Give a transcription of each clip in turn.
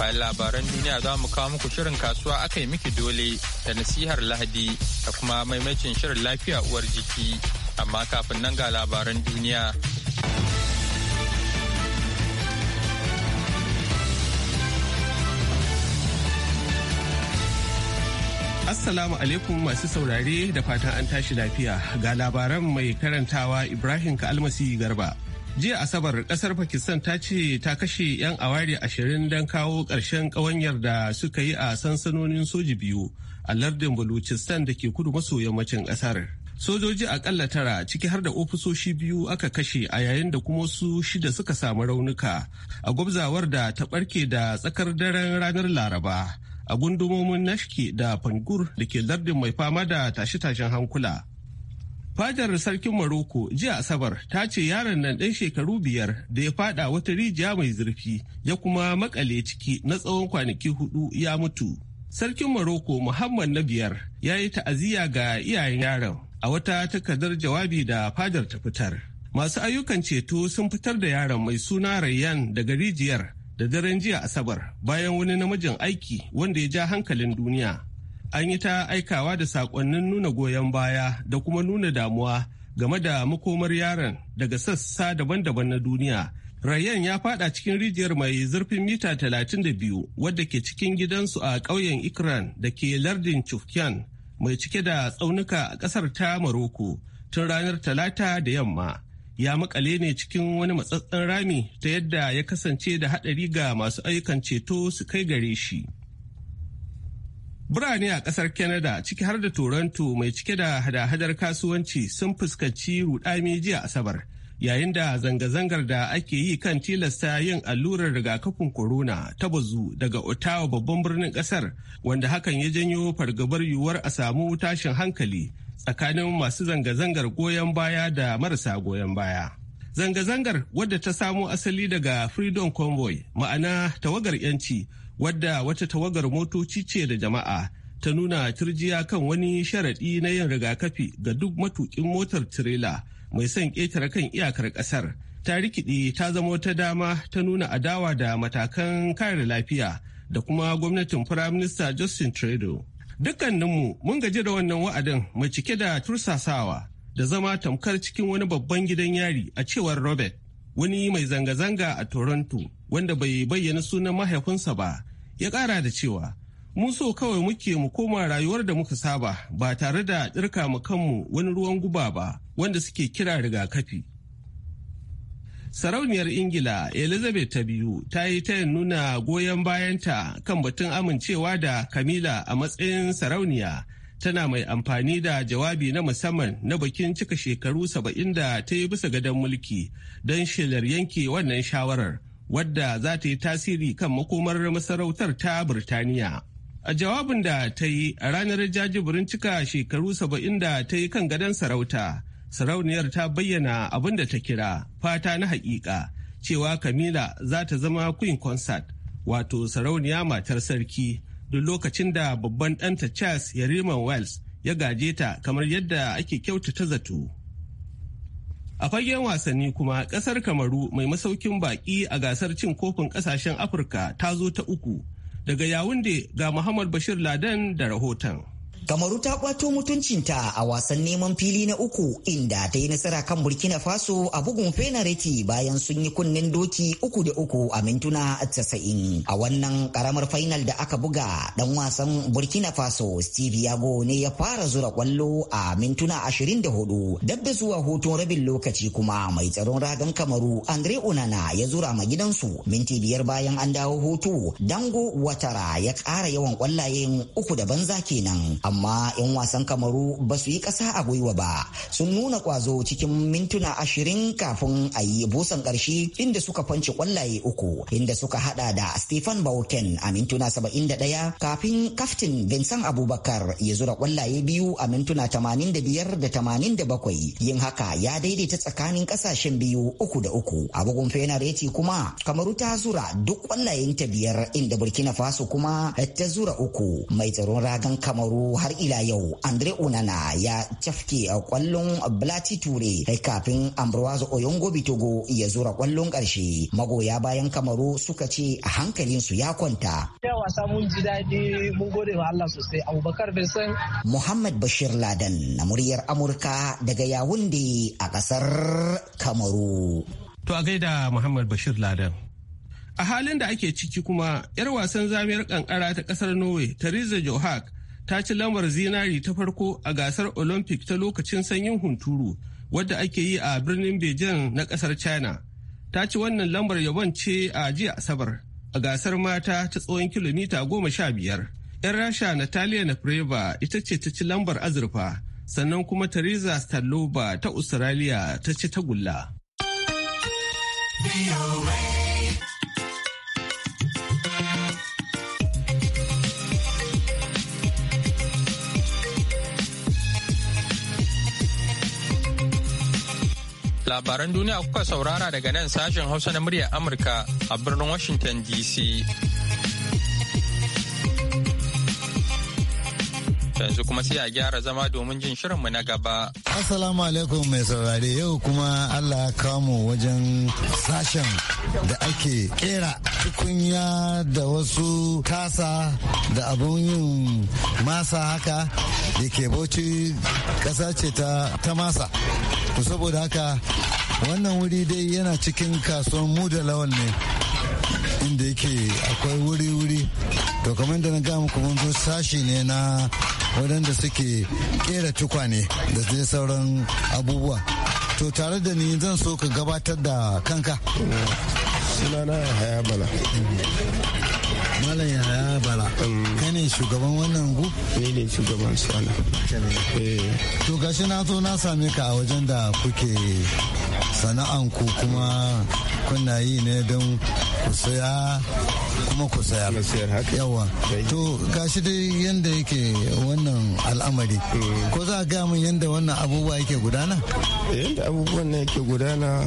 bayan labaran duniya za mu kawo muku shirin kasuwa aka yi miki dole da nasihar lahadi da kuma maimacin shirin lafiya uwar jiki amma kafin nan ga labaran duniya Assalamu alaikum masu saurare da fatan an tashi lafiya ga labaran mai karantawa Ibrahim Kalmasi Garba. jiya asabar kasar pakistan ta ce ta kashe 'yan awari ashirin don kawo ƙarshen ƙawanyar da suka yi a sansanonin soji biyu a lardin baluchistan da ke kudu maso yammacin ƙasar sojoji akalla tara ciki har da ofisoshi biyu aka kashe a yayin da kuma su shida suka samu raunuka a gwabzawar da ta ɓarke da tsakar daren ranar laraba a gundumomin nashki da fangur da ke lardin mai fama da tashe-tashen hankula Fadar sarkin Maroko jiya Asabar ta ce yaron nan ɗan shekaru biyar da ya fada wata rijiya mai zurfi ya kuma makale ciki na tsawon kwanaki hudu ya mutu. Sarkin Maroko Muhammad na biyar ya yi ta'aziyya ga iyayen yaron a wata takardar jawabi da fadar ta fitar. Masu ayyukan ceto sun fitar da yaron mai suna Rayyan daga rijiyar da daren jiya Asabar bayan wani namijin aiki wanda ya ja hankalin duniya. an yi ta aikawa da sakonnin nuna goyon baya da kuma nuna damuwa game da makomar yaron daga sassa daban-daban na duniya. Rayan ya fada cikin rijiyar mai zurfin mita 32 wadda ke cikin gidansu a ƙauyen Ikran da ke lardin Chufkyan mai cike da tsaunuka a ƙasar ta Maroko tun ranar Talata da yamma. Ya makale ne cikin wani matsatsen rami ta yadda ya kasance da haɗari ga masu ayyukan ceto su kai gare shi. Birane a ƙasar Canada ciki har da Toronto mai cike da hada-hadar kasuwanci sun fuskanci rudami jiya Asabar yayin da zanga-zangar da ake yi kan tilasta yin allurar rigakafin corona ta bazu daga Ottawa babban birnin ƙasar wanda hakan ya janyo fargabar yiwuwar a samu tashin hankali tsakanin masu zanga-zangar goyon baya da marasa goyon baya. Zanga-zangar wadda ta samo asali daga Freedom Convoy ma'ana tawagar 'yanci wadda wata tawagar motoci ce da jama'a ta nuna turjiya kan wani sharaɗi na yin rigakafi ga duk matukin motar tirela mai son ƙetare kan iyakar ƙasar ta rikide ta zama wata dama ta nuna adawa da matakan kare lafiya da kuma gwamnatin firaminista justin trudeau dukkaninmu mun gaji da wannan wa'adin mai cike da tursasawa da zama tamkar cikin wani babban gidan yari a cewar robert wani mai zanga-zanga a toronto wanda bai bayyana sunan mahaifinsa ba ya ƙara da cewa mun so kawai muke mu koma rayuwar da muka saba ba tare da ɗirka mu kanmu wani ruwan guba ba wanda suke kira rigakafi. Sarauniyar Ingila Elizabeth ta biyu ta yi tayin nuna goyon bayanta kan batun amincewa da Kamila a matsayin sarauniya tana mai amfani da jawabi na musamman na bakin cika shekaru saba'in da ta yi bisa gadon mulki don shelar yanke wannan shawarar. wadda za ta yi tasiri kan makomar masarautar ta Birtaniya. A jawabin da ta yi a ranar jajibirin cika shekaru saba'in da ta yi kan gadon sarauta, sarauniyar ta bayyana abin da ta kira fata na haƙiƙa cewa Kamila za ta zama Queen Concert, wato sarauniya matar sarki, duk lokacin da babban ɗanta Charles Yariman Wells ya gaje ta kamar yadda ake kyautata zato. A fagen wasanni kuma ƙasar Kamaru mai masaukin baƙi a gasar cin kofin ƙasashen Afirka ta zo ta uku. Daga Yawunde ga Muhammad Bashir Ladan da rahoton. Kamaru ta kwato mutuncinta a wasan neman fili na uku inda ta yi nasara kan Burkina Faso a bugun fenareti bayan sun yi kunnen doki uku da uku a mintuna casa'in. A wannan karamar final da aka buga dan wasan Burkina Faso Steve Yago ne ya fara zura kwallo a mintuna ashirin da hudu. Dab zuwa hoton rabin lokaci kuma mai tsaron ragan Kamaru Andre Onana ya zura ma gidansu minti biyar bayan an dawo hoto Dango Watara ya ƙara yawan kwallayen uku da banza kenan. amma 'yan wasan kamaru ba su yi kasa a gwiwa ba sun nuna kwazo cikin mintuna ashirin kafin a yi busan ƙarshe inda suka fanci kwallaye uku inda suka hada da stephen bauten a mintuna saba'in da ɗaya kafin kaftin vincent abubakar ya zura kwallaye biyu a mintuna tamanin da biyar da tamanin da bakwai yin haka ya daidaita tsakanin ƙasashen biyu uku da uku a bugun fenareti kuma kamaru ta zura duk kwallayen ta biyar inda burkina faso kuma ta zura uku mai tsaron ragan kamaru har ila yau andre onana ya cafke eh, kwallon blati ture eh, kafin ambroise oyongo bitogo ya zura kwallon karshe magoya bayan kamaru suka ce hankalinsu ya kwanta wasa mun ji daɗi mun gode wa Allah sosai abubakar san. muhammad bashir ladan na muryar amurka daga yawunde a ƙasar kamaru to a gaida muhammad bashir ladan a halin da ake ciki kuma 'yar wasan zamiyar kankara ta kasar norway theresa johak ta ci lambar zinari ta farko a gasar olympic ta lokacin sanyin hunturu wadda ake yi a birnin beijing na kasar china ta ci wannan lambar yabon ce a jiya asabar a gasar mata ta tsohon kilomita goma sha biyar yan rasha natalia nafreva ita ce ta ci lambar azurfa sannan kuma theresa staloba ta australia ta ci tagulla. Labaran duniya kuka saurara daga nan sashen Hausa na muryar Amurka a birnin Washington DC. yanzu kuma sai a gyara zama domin jin shirinmu na gaba. asalamu alaikum mai saurari yau kuma Allah kamo wajen sashen da ake kera tukunya da wasu kasa da abun yin masa haka da ke bauchi ƙasa ce ta masa. To saboda haka wannan wuri dai yana cikin kasuwan mu da lawan ne inda yake akwai wuri-wuri to kamar da na gama kuma sashe ne na waɗanda suke kera tukwane da zai sauran abubuwa to tare da ni zan so ka gabatar da kanka sunana haya bala malam yaya bala mm. kane ne shugaban wannan gu ni ne shugaban sana eh. to gashi na zo na same ka a wajen da kuke sana'anku kuma kuna yi ne don ku saya kuma ku saya yawa to gashi dai yanda yake wannan al'amari mm. ko za a gaya min yanda wannan abubuwa yake gudana yanda abubuwan ne yake gudana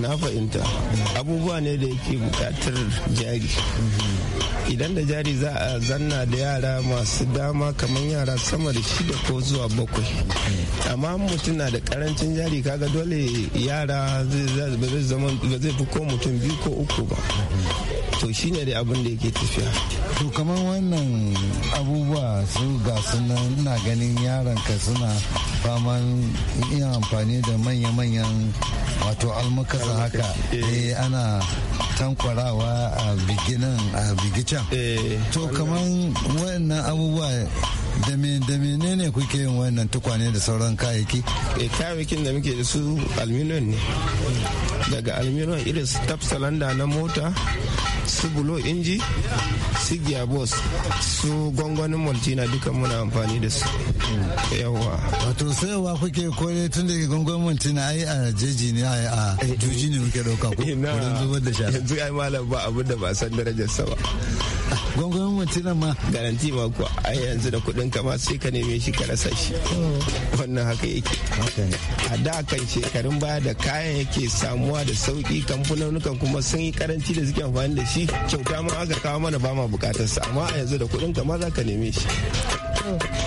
na fahimta abubuwa ne da yake bukatar jari mm-hmm. idan da jari za a zanna da yara masu dama kamar yara sama da shida ko zuwa bakwai mm-hmm. amma mutum na da karancin jari kaga dole yara ba zai fi ko mutum biyu ko uku ko ba to shine dai abin da yake tafiya to kamar wannan abubuwa su ga suna ina ganin yaran ka suna faman yin amfani da manya-manyan wato almakasa haka eh. eh ana tankwarawa a biginan a bigicen eh. to kamar wannan abubuwa da menene kuke yin wannan tukwane da sauran kayayyaki eh kayayyakin da muke da su alminon ne daga alminon irin su tafsalanda na mota su bulo inji su gearbox su gwangwanin maltina duka muna amfani da su yawa wato sayowa kuke kore tun da gungun na ai a jeji ne ai a juji ne muke dauka ko wurin zubar da shara yanzu ai malam ba abin da ba san darajar sa ba gungun na ma garanti ma ku ai yanzu da kudin ka ma sai ka neme shi ka rasa shi hmm. wannan haka yake a da kan shekarun baya da kayan yake samuwa da sauki kamfanonukan kuma sun yi karanci da suke amfani da shi kyauta ma aka kawo mana ba ma bukatarsa amma a yanzu da kudin ka ma za ka neme shi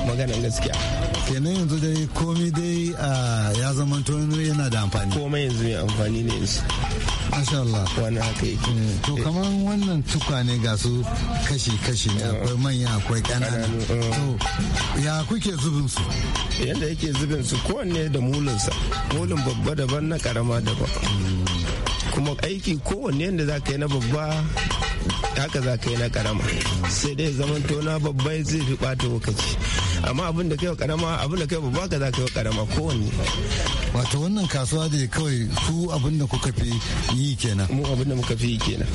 Maganar gaskiya kenan yanzu dai komai dai ah, ya zama yana da amfani komai yanzu mai amfani ne yanzu Masha Allah. Wani haka yake. Mm, to eh. kamar wannan ne ga su kashi-kashi ne akwai mm. manya akwai kanana mm. To ya kuke zubin su? yadda yake zubin su kowanne da mulinsa. Mulin babba daban na karama daban. Kuma aiki kowanne yadda za ka yi na babba haka za ka yi na karama sai dai zaman tona babbai zai fi bata lokaci amma abin da kai karama abin da kai babba ka za ka yi karama kowanne wato wannan kasuwa da kawai su abin da kuka fi yi kenan mu abin da muka fi yi kenan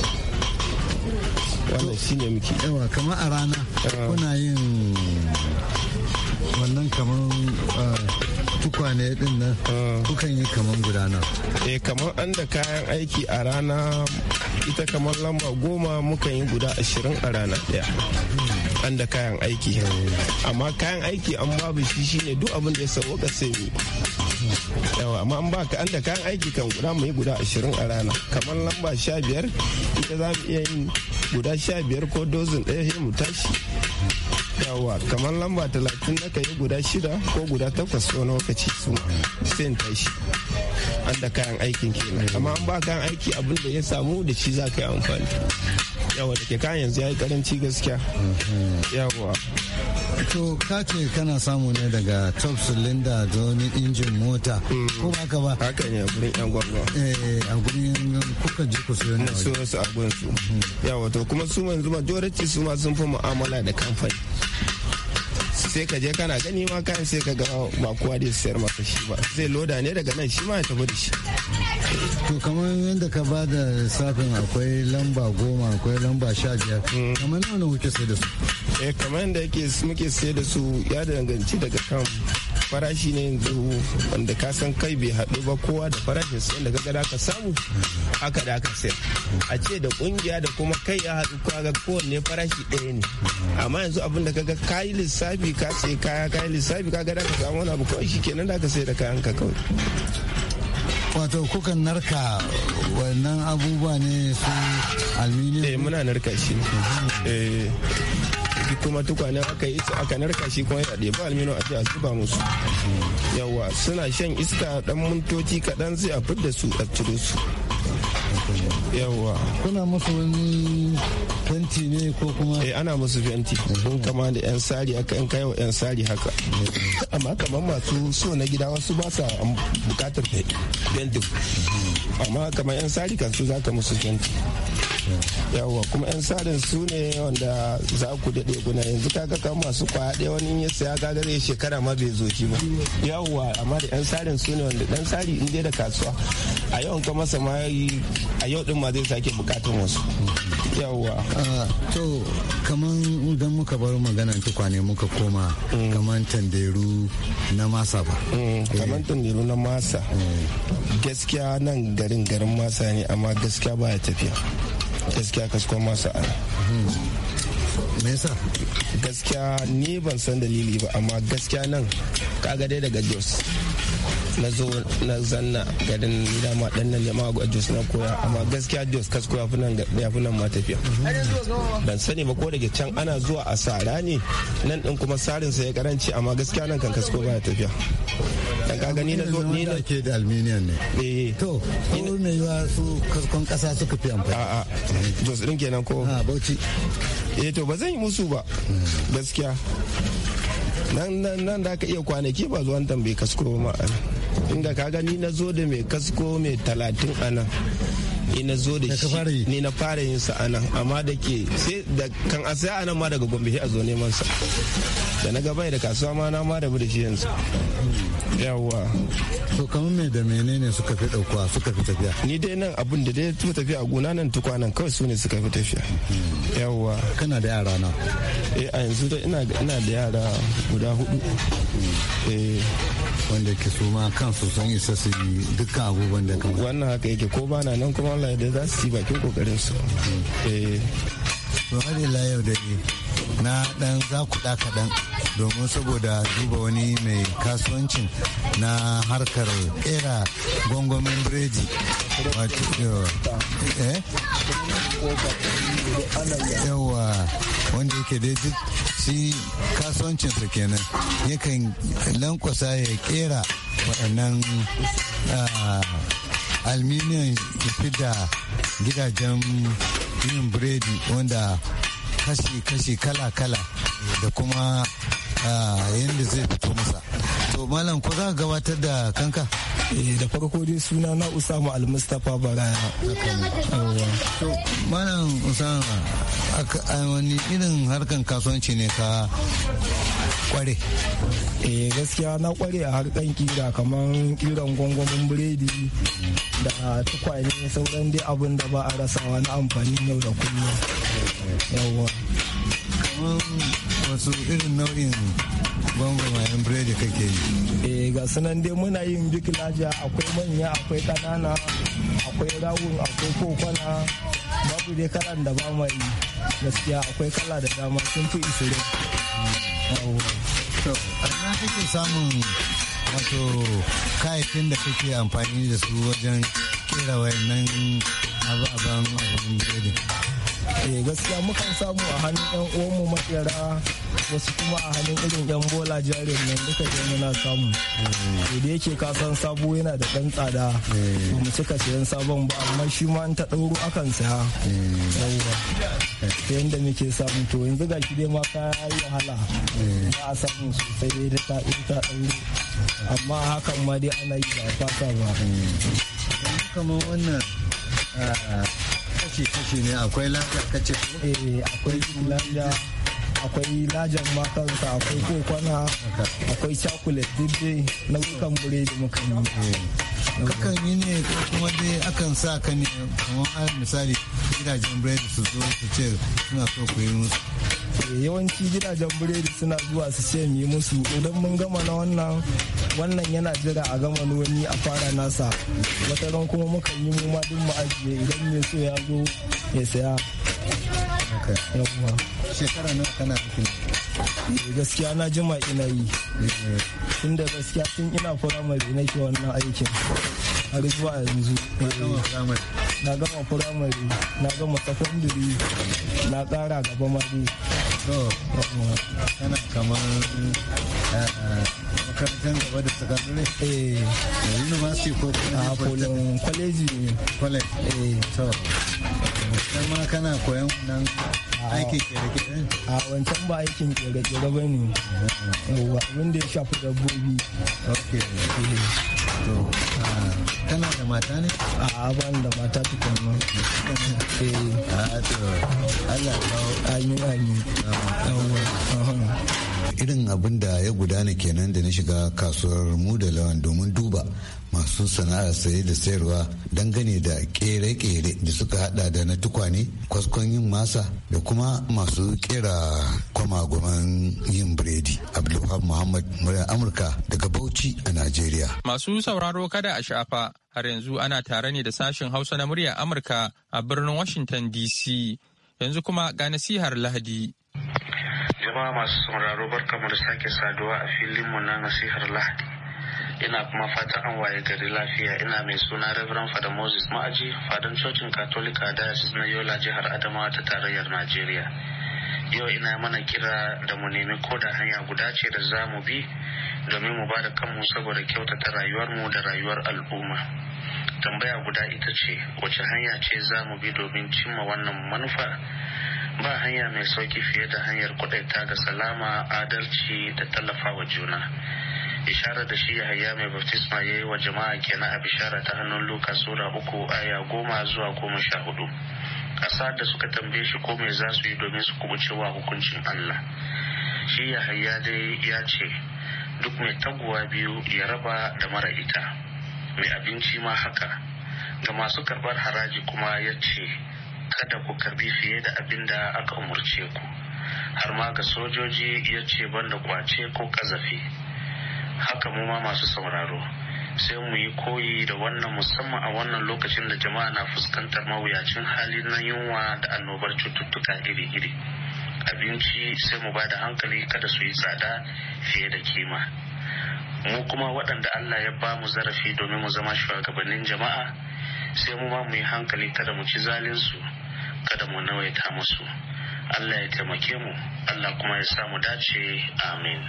wannan shine muke yawa kamar a rana ah. kuna yin wannan kamar ah, tukwane din nan ah. kukan yi kamar gudana eh kamar an da kayan aiki a rana ita kamar lamba goma mukan yi guda ashirin a rana daya an da kayan aiki amma kayan aiki an babu shi shine duk abin da ya ga sai yawa amma an baka an da kayan aiki kan guda mu yi guda ashirin a rana kamar lamba sha biyar ita za mu iya yin guda sha biyar ko dozin ɗaya mu tashi yawa kamar lamba talatin na yi guda shida ko guda takwas wani lokaci su sai in tashi an da kayan aikin kenan amma an ba kayan aiki abin da ya samu da shi za ka yi amfani yawa da ke kayan yanzu ya yi karanci gaskiya yawa to ka ce kana samu ne daga top cylinder da wani injin mota ko hmm. ba ka ba haka ne a gurin yan gwamna eh a gurin kuka ji ku sayo ne su a gurin su hmm. yawa to kuma su yanzu majority su ma sun fi mu'amala da kamfani sai ka je kana gani ma kayan sai ka ga oh, ba kowa da sayar maka shi ba zai loda ne daga nan shi ma ya tafi da shi to kamar yadda ka ba da safin akwai lamba goma akwai lamba sha biyar mm. kamar nawa ne kuke sai da su eh kamar yadda muke sai da su ya danganci daga kan farashi ne yanzu wanda ka san kai bai haɗu ba kowa da farashin sayan da kaga ka samu haka da aka sayar a ce da kungiya da kuma kai ya haɗu ga kowanne farashi ɗaya ne amma yanzu abin da kaga kayi lissafi ka sai kaya kayi lissafi ka gada ka samu wani abu kawai kenan da ka sayar da kayan ka kawai wato kukan narka wannan abubuwa ne su aluminium eh, muna narka shi eh. shi kuma tukwane aka yi aka narka shi kuma ya ɗebi almino a ji a zuba musu yawa suna shan iska dan mintoci kaɗan sai a fidda su a ciro su yawa kuna musu wani fenti ne ko kuma eh ana musu fenti don kama da yan sari aka yan kai wa yan sari haka amma kamar masu so na gida wasu ba sa bukatar fenti amma kamar yan sari kan su zaka musu fenti yawwa kuma yan sadin su ne wanda za ku daɗe guna yanzu kaga kan masu kwaya wani ya saya kaga zai shekara ma bai zo ba yawwa amma da yan sadin su ne wanda dan sari in dai da kasuwa a yau ka masa ma a yau din ma zai sake bukatun wasu yawwa ah, to kaman idan muka bar magana tukwane muka koma mm. kaman tanderu na masa ba mm, eh. kaman tanderu na masa eh. gaskiya nan garin garin masa ne amma gaskiya ba ya tafiya gaskiya kaskon masu hmm. gaskiya ni ban san dalili ba amma gaskiya nan kaga dai daga jos na zo na zanna garin dama dan nan ne ma a jos na koya amma gaskiya jos kas koya funan ya fi nan ma tafiya dan sani ba ko daga can ana zuwa a sara ne nan din kuma sarin sa ya karanci amma gaskiya nan kan kas ko baya tafiya dan ka gani na zo ni na ke da aluminium ne eh, eh. to ko me yawa su kon kasa suka fi amfani a a jos din kenan ko ha ah, bauchi eh to ba zan yi musu ba hmm. gaskiya nan nan da ka iya kwanaki ba zuwan tambaye kaskuro ma'ana inda ka gani na zo da mai kasko mai talatin anan ni na zo da shi ni na fara yin sa anan amma da ke sai da kan a saya anan ma daga gombe a zo neman sa da na gaba da kasuwa ma na ma da bude shi yanzu yawwa to kamar me da menene suka fi dauka suka fi tafiya ni dai nan abin da dai fi tafiya a gona nan tukwanan kawai su ne suka fi tafiya hmm. yawwa kana da yara na eh a yanzu ina da yara guda hudu hmm. eh wanda ke su ma kansu sun isa su yi dukkan abubuwan da kamar wannan haka yake ko ba na nan kuma Allah ya za su yi bakin kokarin su eh to har ila yau da na dan za ku da kaɗan domin saboda duba wani mai kasuwancin na harkar era gwangwamin biredi eh? yawa wanda yake dai shi kasuwancinsa kenan yakan lankwasa ya kera waɗannan ah, alminiyan da gidajen yin biredi wanda kashi-kashi kala-kala da kuma ah, yadda zai fito masa to malam ko za ka gabatar da kanka Eh, da farko dai suna na usama almustapha baraya malam usama wani irin harkan kasuwanci ne ka kware eh gaskiya na kware a harkan kira kamar kiran gongomin biredi da tukwane sauran dai abin da ba a rasawa na amfani yau da kullum yawwa wasu irin nau'in gwangwamayen biredi kake yi eh ga sanan dai muna yin duk lafiya akwai manya akwai kanana akwai rawun akwai kokona babu dai karan da ba mai gaskiya akwai kala da dama sun fi isirin a kake samun wato kayakin da kake amfani da su wajen kera wayannan abu abin abin biredi eh gaskiya mukan samu a hannun yan uwan mu makera wasu kuma a hannun irin yan bola jarin nan duka da muna samu eh. da yake kasan sabo yana da ɗan tsada eh. ba mu cika sayan sabon ba amma shi ma an ta dauro akan saya eh. yawwa ta yadda muke samu to yanzu ga shi dai ma kaya yi wahala ba a samu sosai da ta ta dauro amma hakan ma dai ana yi ba fasa ba kamar wannan ah, kashi kashi ne akwai lafiya kace eh, akwai lafiya akwai lajan matansa akwai kokona akwai chocolate dibbe na bure da muka yi eh. kakan yi ne ko kuma dai akan sa ka ne kamar misali gidajen bread su zo su ce suna so ku yi musu yawanci gidajen biredi suna zuwa su ce mu musu idan mun gama na wannan wannan yana jira a gama wani a fara nasa wata ran kuma muka yi mu ma duk mu ajiye idan mai so ya zo ya saya shekara nawa kana aikin eh, gaskiya na jima ina yi inda eh. gaskiya tun ina firamare ke wannan aikin har zuwa yanzu eh. na gama firamare na gama sakandare na kara gaba ma dai kana kamar eh, makarantar gaba da sakandare eh university ko a ah, polin kwaleji ne kwaleji eh to ma kana koyan nan aikin kere-kere a ah, wancan ba aikin kere-kere ba ne eh. Wanda ya shafi dabbobi ok eh. to ah, kana da mata ne a ban da mata tukun nan eh a ah, to Allah ka ayi ayi irin abin da ya gudana kenan da na shiga kasuwar mu da lawan domin duba masu sana'ar saye da sayarwa dangane da kere-kere da suka hada da na tukwane kwaskon yin masa da kuma masu kera kwamagoman yin biredi abdulhab muhammad muryar amurka daga bauchi a najeriya masu sauraro kada a shafa har yanzu ana tare ne da sashen Hausa na murya Amurka a birnin Washington DC. Yanzu kuma ga nasihar Lahadi. Jama'a masu sauraro mu da sake saduwa a filin mu na nasihar Lahadi. Ina kuma fatan an waye gari lafiya ina mai suna Reverend Fada Moses Ma'aji, fadan cocin Katolika Diocese na Yola jihar Adamawa ta tarayyar Najeriya. yau ina mana kira da mu nemi ko da hanya guda ce da za mu bi domin mu ba da kanmu saboda kyautata rayuwarmu da rayuwar al'umma tambaya guda ita ce wace hanya ce za mu bi domin cimma wannan manufa ba hanya mai sauki fiye da hanyar kudaita ga salama adalci da tallafa wa juna ishara da shi yahaya mai baftisma ya yi wa jama'a kenan a bishara ta hannun luka sura uku aya goma zuwa goma sha hudu ƙasa da suka tambaye shi ko mai za su yi domin su wa hukuncin Allah shi ya hayya dai ya ce duk mai taguwa biyu ya raba da mara ita mai abinci ma haka ga masu karɓar haraji kuma ya ce kada ku karbi fiye da abin da aka umarce ku har ma ga sojoji ya ce banda kwace ko kazafi haka mu ma masu sauraro sai mu yi koyi da wannan musamman a wannan lokacin da jama'a na fuskantar mawuyacin hali na yunwa da annobar cututtuka iri-iri abinci sai mu ba da hankali kada su yi tsada fiye da kima mu kuma waɗanda allah ya ba mu zarafi domin mu zama shugabannin jama'a sai mu ma mu yi hankali kada mu ci zalinsu kada mu nawaita musu allah ya taimake mu allah kuma ya samu dace amin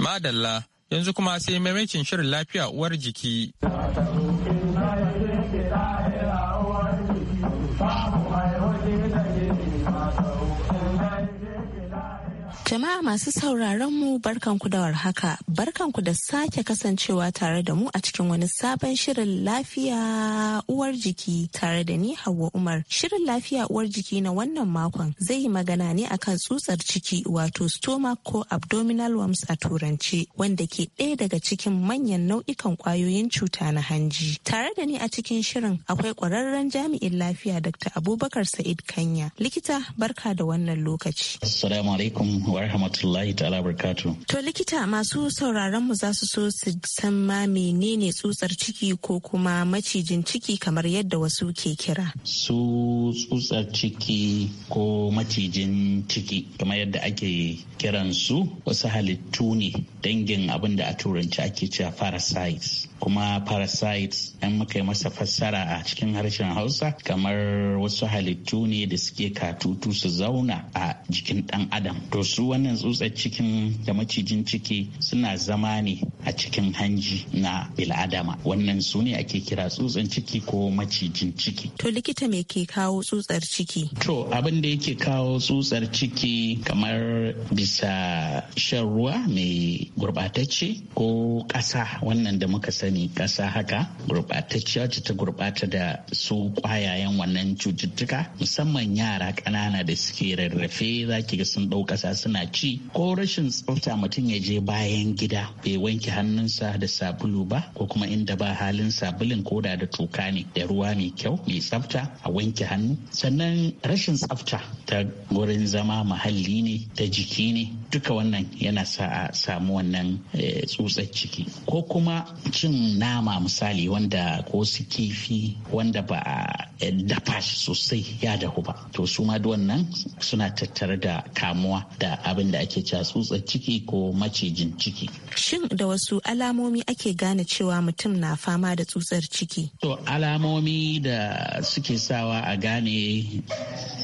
madalla Yanzu kuma sai maimakin shirin lafiya uwar jiki. Jama'a masu sauraron mu barkanku da warhaka, barkanku da sake kasancewa tare da mu a cikin wani sabon shirin lafiya uwar jiki tare da ni Hauwa Umar. Shirin lafiya uwar jiki na wannan makon zai yi magana ne akan tsutsar ciki wato stomach ko abdominal worms a turance wanda ke ɗaya daga cikin manyan nau'ikan ƙwayoyin cuta na hanji. Tare da ni a cikin shirin akwai ƙwararren jami'in lafiya Dr. Abubakar Sa'id Kanya. Likita barka da wannan lokaci. Assalamu alaikum wa rahmatullahi ta'ala barkatu. To likita masu sauraron mu za su so su san ma menene tsutsar ciki ko kuma macijin ciki kamar yadda wasu ke kira. Su tsutsar ciki ko macijin ciki kamar yadda ake kiran su wasu halittu ne dangin abin da a turanci ake cewa parasites. kuma parasites an muka yi masa fassara a cikin harshen hausa kamar wasu halittu ne da suke katutu su zauna a jikin dan adam to su wannan tsutsar cikin da macijin ciki suna zama ne a cikin hanji na bil'adama wannan su ne ake kira tsutsan ciki ko macijin ciki to likita me ke kawo tsutsar ciki to abin da yake kawo tsutsar ciki kamar bisa shan ruwa mai gurbatacce ko ƙasa wannan da muka sani wani ƙasa haka gurɓatacciya ta gurɓata da su ƙwayayen wannan cututtuka musamman yara ƙanana da suke rarrafe za ki ga sun ɗau ƙasa suna ci ko rashin tsafta mutum ya je bayan gida bai wanke hannunsa da sabulu ba ko kuma inda ba halin sabulun koda da toka ne da ruwa mai kyau mai tsafta a wanke hannu sannan rashin tsafta ta wurin zama muhalli ne ta jiki ne duka wannan yana sa a samu wannan eh, tsutsar ciki ko kuma cin nama misali wanda ko su kifi wanda ba a dafa shi sosai ya dahu ba to su ma wannan suna tattare da kamuwa da abin da ake cewa tsutsar ciki ko macijin ciki shin da wasu alamomi ake gane cewa mutum na fama da tsutsar ciki to alamomi da suke sawa a gane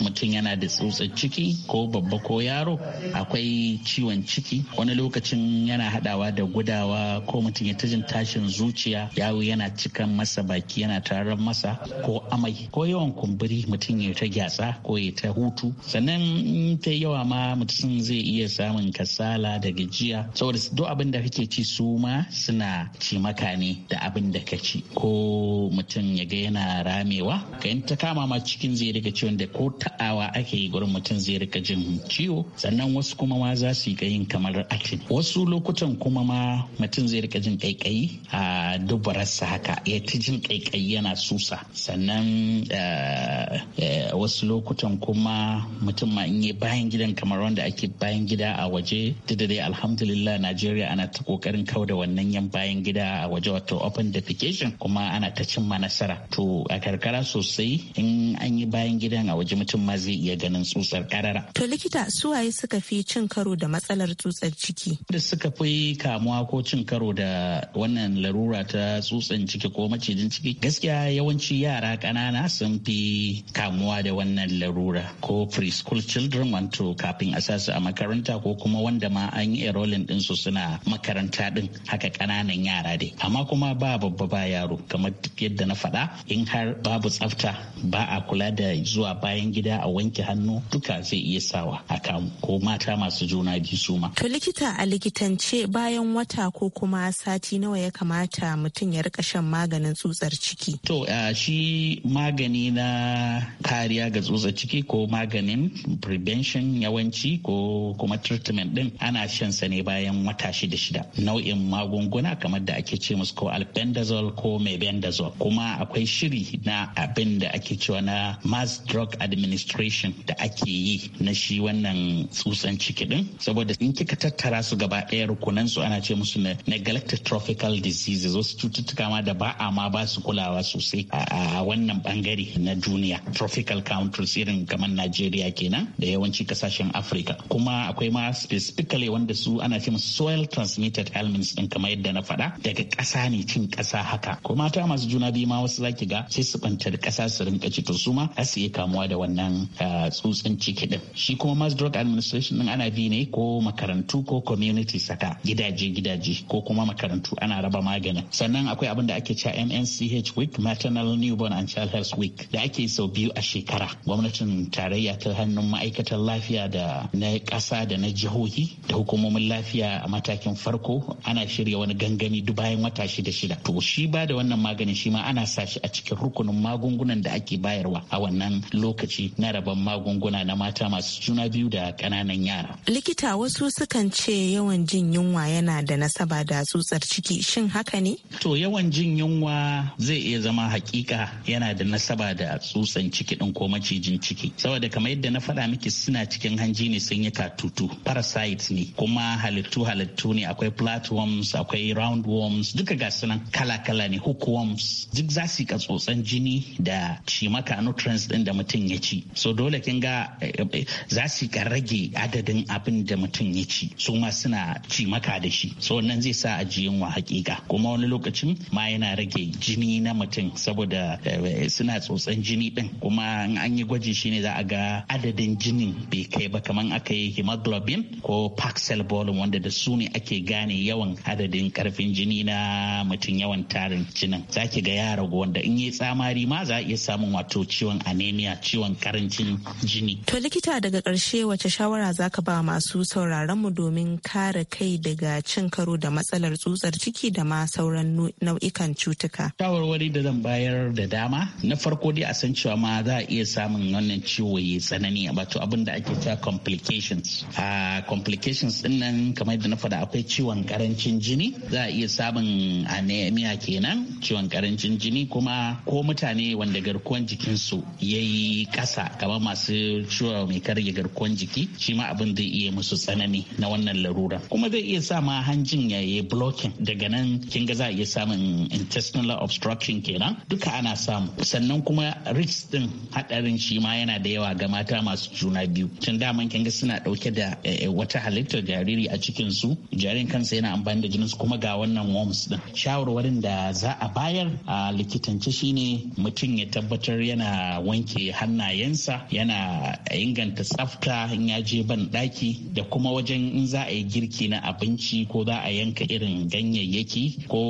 mutum yana da tsutsar ciki ko babba ko yaro akwai ciwon ciki wani lokacin yana hadawa da gudawa ko mutum ya tajin tashin zuciya yawo yana cikan masa baki yana tarar masa ko amai ko yawan kumburi mutum ya ta gyatsa ko ya ta hutu sannan ta yawa ma mutum zai iya samun kasala da gajiya saboda duk abin da kake ci su ma suna ci maka ne da abin da ka ci ko mutum ya ga yana ramewa ka yin ta kama ma cikin zai rika ciwon da ko ta'awa ake yi gurin mutum zai rika jin ciwo sannan wasu kuma ma za su yi yin kamar akin wasu lokutan kuma ma mutum zai rika jin kaikayi a a dubararsa haka ya ta jin kaikai yana susa sannan eh, eh, wasu lokutan kuma mutum ma in yi bayan gidan kamar wanda ake bayan gida a waje da dai alhamdulillah najeriya ana ta kokarin kauda wannan yan bayan gida a waje wato open defecation kuma ana ta cin ma nasara to a karkara sosai in an yi bayan gidan a waje mutum ma zai iya ganin tsutsar karara to likita su suwaye suka fi cin karo da matsalar tsutsar ciki da suka fi kamuwa ko cin karo da wannan laruwa larura ta tsutsan ciki ko macijin ciki gaskiya yawanci yara kanana sun fi kamuwa da wannan larura ko preschool children wanto kafin a sasu a makaranta ko kuma wanda ma an yi enrolling din su suna makaranta din haka kananan yara dai amma kuma ba babba ba yaro kamar yadda na faɗa in har babu tsafta ba a kula da zuwa bayan gida a wanke hannu duka zai iya sawa a kamu ko mata masu juna biyu suma. To likita a likitance bayan wata ko kuma sati nawa ya kamata kamata mutum ya rika shan maganin tsutsar ciki? To shi magani na kariya ga tsutsar ciki ko maganin prevention yawanci ko kuma treatment din ana shan sa ne bayan wata shida shida. Nau'in magunguna kamar da ake ce musu ko albendazole ko mebendazole kuma akwai shiri na abin da ake cewa na mass drug administration da ake yi na shi wannan tsutsan ciki din saboda in kika tattara su gaba ɗaya rukunan su ana ce musu na neglected tropical disease diseases wasu cututtuka ma da ba a ma ba su kulawa sosai a wannan bangare na duniya tropical countries irin kamar Najeriya kenan da yawanci kasashen Africa kuma akwai ma specifically wanda su ana ce soil transmitted elements din kamar yadda na faɗa daga ƙasa ne cin ƙasa haka ko mata masu juna biyu ma wasu zaki ga sai su da ƙasa su rinka ci to su ma za su iya kamuwa da wannan tsutsun ciki din shi kuma mass drug administration din ana bi ne ko makarantu ko community saka gidaje gidaje ko kuma makarantu ana raba magani kenan sannan akwai abin da ake cewa MNCH week maternal newborn and child health week da ake sau biyu a shekara gwamnatin tarayya ta hannun ma'aikatan lafiya da na ƙasa da na jihohi da hukumomin lafiya a matakin farko ana shirya wani gangami duk bayan wata shida shida to shi ba da wannan maganin shi ma ana sa shi a cikin rukunin magungunan da ake bayarwa a wannan lokaci na rabon magunguna na mata masu juna biyu da ƙananan yara likita wasu sukan ce yawan jin yunwa yana da nasaba da tsutsar ciki shin haka ne? To yawan jin yunwa zai iya zama hakika yana da nasaba da tsutsan ciki din ko macijin ciki. Saboda kamar yadda na faɗa miki suna cikin hanji ne sun yi katutu parasites ne kuma halittu halittu ne akwai flatworms akwai roundworms duka ga sunan kala-kala ne hookworms duk za su yi tsotsan jini da shi maka nutrients din da mutum ya ci. So dole kin ga eh, eh, za su ka rage adadin abin da mutum ya ci su ma suna ci maka da shi. So wannan zai sa a ji yunwa hakika kuma kuma wani lokacin ma yana rage jini na mutum saboda eh, suna tsotsan jini din kuma in an yi gwaji shine za a ga adadin jinin bai kai ba kamar aka yi hemoglobin ko paxel volume wanda da su ne ake gane yawan adadin karfin jini na mutum yawan tarin jinin za ki ga ya ragu wanda in yi tsamari ma za a iya samun wato ciwon anemia ciwon karancin jini to likita daga karshe wace shawara za ka ba masu sauraron mu domin kare kai daga cin karo da matsalar tsutsar ciki da ma sauran nau'ikan cutuka. Shawarwari da zan bayar da dama na farko dai a san cewa ma za a iya samun wannan ciwo ya tsanani wato abin da ake cewa complications. A complications din nan kamar yadda na faɗa akwai ciwon karancin jini za a iya samun anemia kenan ciwon karancin jini kuma ko mutane wanda garkuwan jikinsu ya yi ƙasa kamar masu ciwo mai karya garkuwan jiki shi ma abin zai iya musu tsanani na wannan larura kuma zai iya sa ma hanjin yayi yi blocking daga nan kin ga za a iya samun intestinal obstruction kenan duka ana samu sannan kuma risk din hadarin shi ma yana da yawa ga mata masu juna biyu tun daman kin ga suna dauke da eh, eh, wata halittar jariri a cikin su jaririn kansa yana amfani da jinin su kuma ga wannan worms din shawarwarin da za a bayar a likitance shine mutum ya tabbatar yana wanke hannayensa yana inganta tsafta in ya je ban daki da kuma wajen in za a yi girki na abinci ko za a yanka irin ganyayyaki ko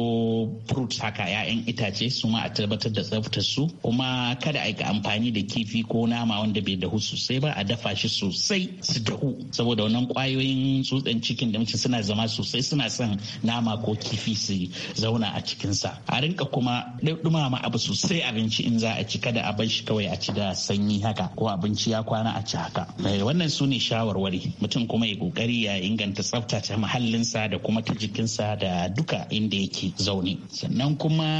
fruits haka 'ya'yan itace su ma a tabbatar da tsaftar su kuma kada a amfani da kifi ko nama wanda bai dahu sosai ba a dafa shi sosai su dahu saboda wannan kwayoyin tsutsen cikin da mace suna zama sosai suna son nama ko kifi su zauna a cikinsa a rinka kuma dumama abu sosai abinci in za a ci kada a bar shi kawai a ci da sanyi haka ko abinci ya kwana a ci haka eh, wannan su ne shawarwari mutum kuma ya kokari ya inganta tsafta ta muhallinsa da kuma ta jikinsa da duka inda yake ke zaune sannan kuma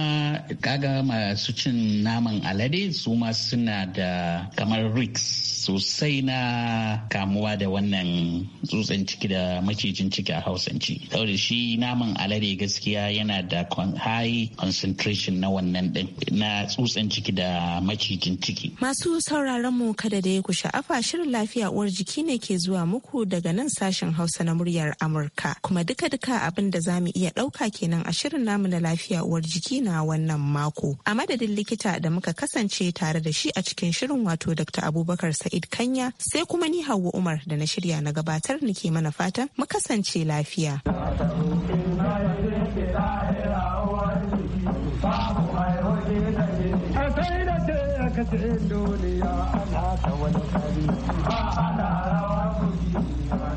kaga masu cin naman alade su ma suna da kamar risk sosai na kamuwa da wannan tsutsan ciki da macijin ciki a hausance saboda shi naman alade gaskiya yana da high concentration na wannan din na tsutsan ciki da macijin ciki masu sauraron mu kada da ya ku sha'afa shirin lafiya uwar jiki ne ke zuwa muku daga nan sashen hausa na muryar amurka kuma duka-duka abin da za mu iya ɗauka kenan a shirin namu na lafiya uwar jiki na wannan mako. A madadin likita da muka kasance tare da shi a cikin shirin wato Dr. Abubakar Sa'id Kanya sai kuma ni Hauwa Umar da na shirya na gabatar nake mana fatan mu kasance lafiya. duniya ana ta wani ba ana rawa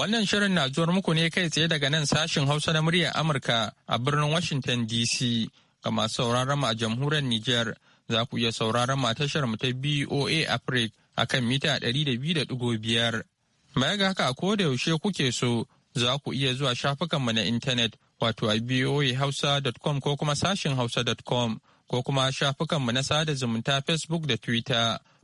Wannan shirin na zuwar muku ne kai tsaye daga nan sashin Hausa na muryar Amurka a birnin Washington DC. Ga masu sauraron mu a jamhuriyar Nijar za ku iya sauraron mu a tashar mu ta BOA Africa a kan mita 200.5. Mai ga haka ko da yaushe kuke so za ku iya zuwa shafukan mu na intanet wato a boahausa.com ko kuma sashin hausa.com ko kuma shafukan mu na sada zumunta Facebook da Twitter.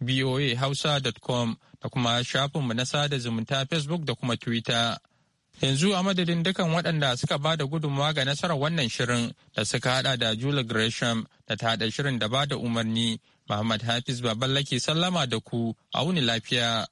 voahausa.com da kuma shafinmu na sada zumunta facebook da kuma twitter. Yanzu a madadin dukan waɗanda suka ba da gudunmawa ga nasarar wannan shirin da suka hada da jula Gresham da ta haɗa shirin da ba da umarni, Muhammad Hafiz Baballake sallama da ku, a wuni lafiya.